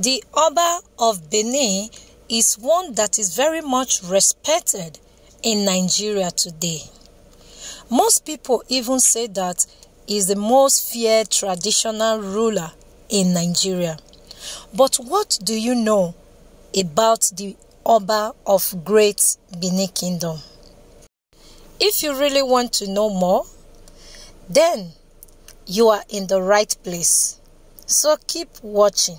The Oba of Benin is one that is very much respected in Nigeria today. Most people even say that is the most feared traditional ruler in Nigeria. But what do you know about the Oba of Great Benin Kingdom? If you really want to know more, then you are in the right place. So keep watching.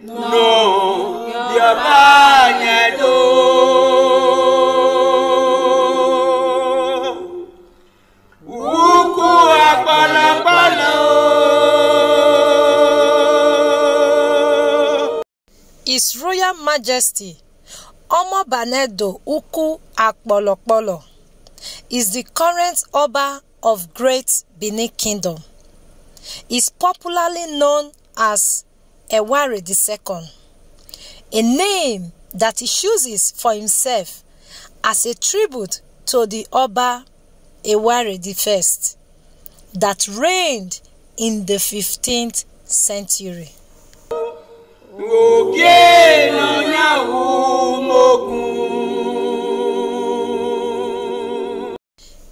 No, no do. His Royal Majesty Omo Omobanedo Uku Akpolopolo is the current Oba of Great Benin Kingdom. Is popularly known as Eware II, a name that he chooses for himself as a tribute to the Oba Eware I that reigned in the 15th century.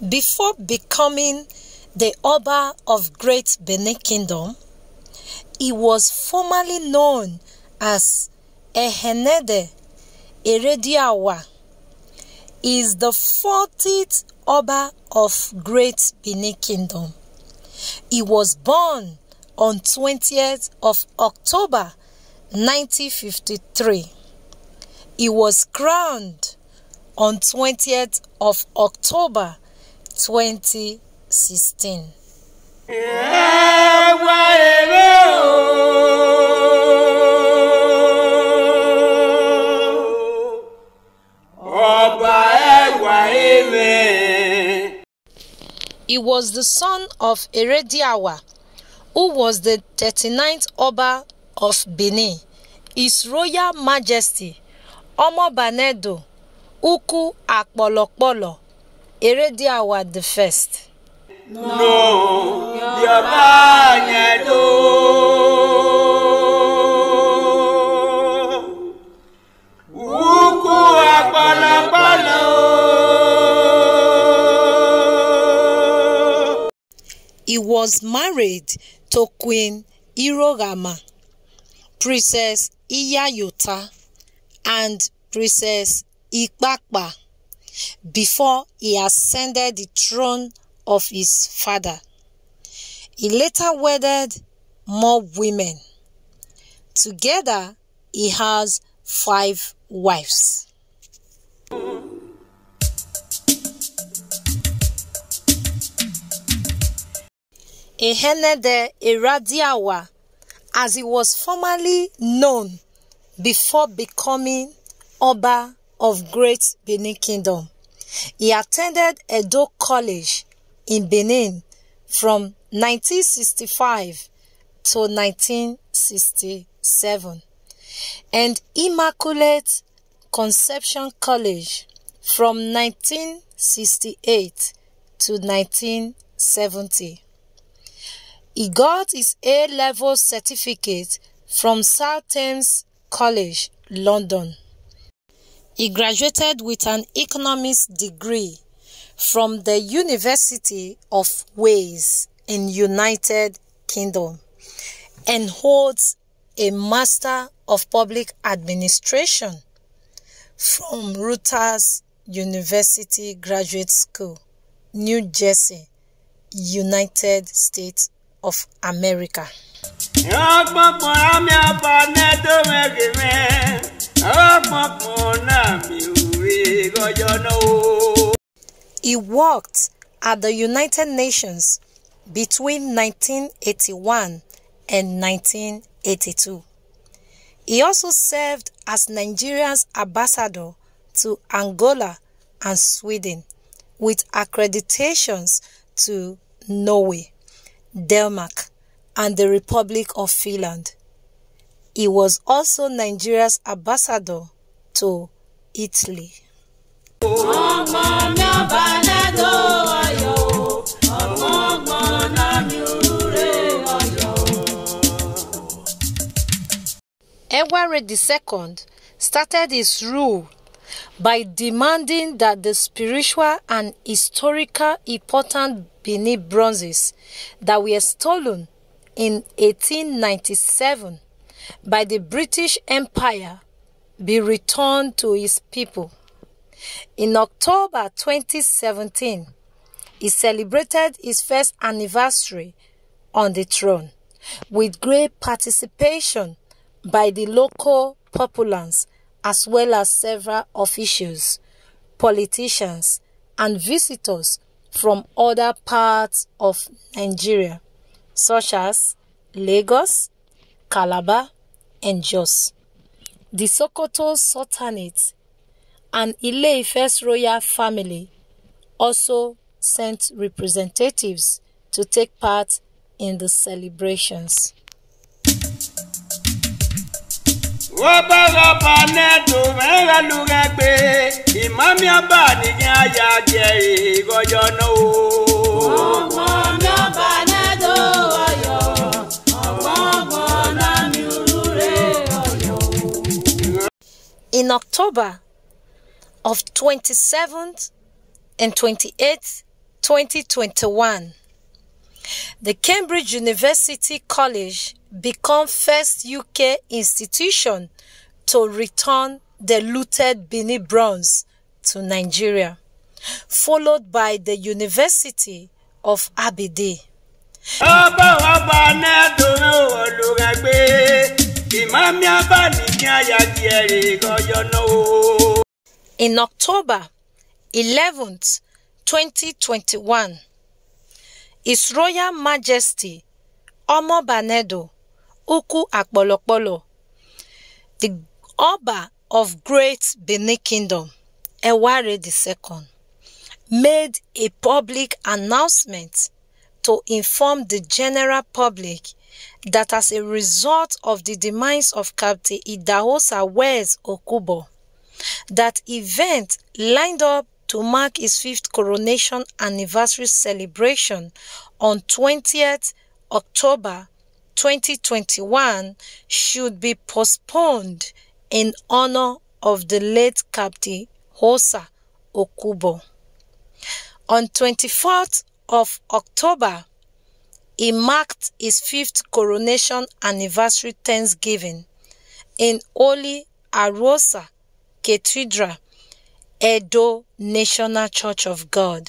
Before becoming the Oba of Great Benin Kingdom, It was formerly known as Ehenede Erediawa, is the 40th Oba of Great Benin Kingdom. He was born on 20th of October 1953. He was crowned on 20th of October 2016. He was the son of Erediawa, who was the 39th Oba of Benin. His Royal Majesty, Omo Banedo, Uku Akpolokpolo, Erediawa the First. No, no. Banedo. He was married to Queen Irogama, Princess Iyayota and Princess Ipapa before he ascended the throne of his father. He later wedded more women. Together, he has five wives. Mm-hmm. Ehenede Iradiyawa, as he was formerly known before becoming Oba of Great Benin Kingdom. He attended Edo College in Benin from 1965 to 1967 and Immaculate Conception College from 1968 to 1970. He got his A-level certificate from South Thames College, London. He graduated with an economics degree from the University of Wales in United Kingdom and holds a Master of Public Administration from Reuters University Graduate School, New Jersey, United States of America. He worked at the United Nations between 1981 and 1982. He also served as Nigeria's ambassador to Angola and Sweden with accreditations to Norway. Denmark, and the Republic of Finland. He was also Nigeria's ambassador to Italy. Edward II started his rule by demanding that the spiritual and historical important Pini bronzes that were stolen in 1897 by the British Empire be returned to his people. In October 2017, he celebrated his first anniversary on the throne with great participation by the local populace as well as several officials, politicians, and visitors from other parts of Nigeria, such as Lagos, Calabar, and Jos. The Sokoto Sultanate and Ile-Ife's royal family also sent representatives to take part in the celebrations. wobara panedu meralugagbe imamiaba nìyẹn ayagbe ìrọyọ náà o. ọgbọ́n náà panedu ọyọ náà mi In October of 27th and 28th, 2021. The Cambridge University College become first UK institution to return the looted Benin Bronze to Nigeria, followed by the University of Abidi. In October 11th, 2021, His Royal Majesty Omo Banedo, Uku Akpolokpolo, the Oba of Great Benin Kingdom, Eware II, made a public announcement to inform the general public that as a result of the demise of Captain Idahosa Wes Okubo, that event lined up to mark his fifth coronation anniversary celebration on 20th October 2021 should be postponed in honor of the late Captain Hosa Okubo. On 24th of October, he marked his fifth coronation anniversary Thanksgiving in Holy Arosa Cathedral Edo National Church of God.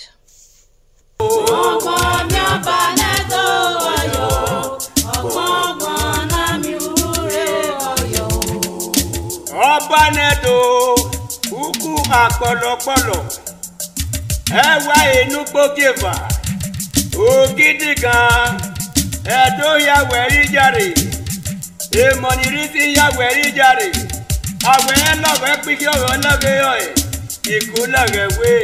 ọbánẹdọ ukwu akpọlọkpọlọ ẹwà enukpokeva ogidigan ẹdọ ya wẹrí jàre èmọ̀nìrìsí ya wẹrí jàre àwẹ̀ ẹlọ́wẹ̀ píkí ọ̀rọ̀ ńlọ́bẹ̀ yọ̀ ẹ̀. Èkó lọ̀rẹ́ wé.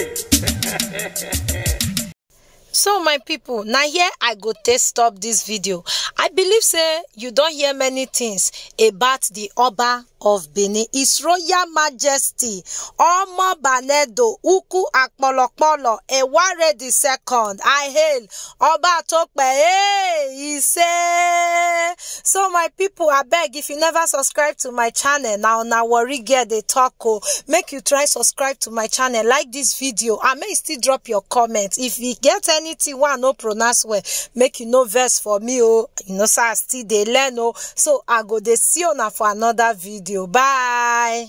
so my people, na here i go take stop this video i believe say you don hear many things about the oba of Benin, His Royal Majesty Omo Banedo Uku Akpolokpolo Eware the Second. I hail Oba Tokpe. Hey, he say. So my people, I beg if you never subscribe to my channel now, now worry get the talk. Oh, make you try subscribe to my channel, like this video. I may still drop your comment. If you get anything one no pronounce well, make you no verse for me. Oh, you know, so I still they learn. Oh, so I go they see on for another video. you. Bye.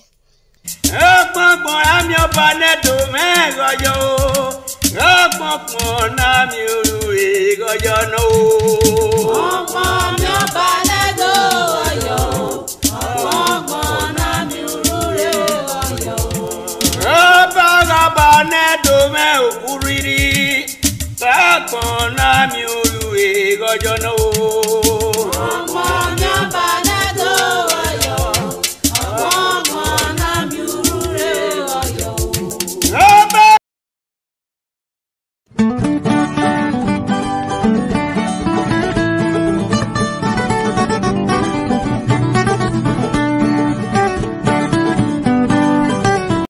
Ọ̀pọ̀pọ̀ àmì ọba nẹ́dùn mẹ́gọ́jọ́ ọ̀pọ̀pọ̀ náà mi ìgọ́jọ́ náà Ọ̀pọ̀ àmì ọba nẹ́dùn ọ̀yọ́, ọ̀pọ̀pọ̀ náà mi ìgọ́jọ́ o. ọ̀pọ̀ náà mi ìgọ́jọ́ náà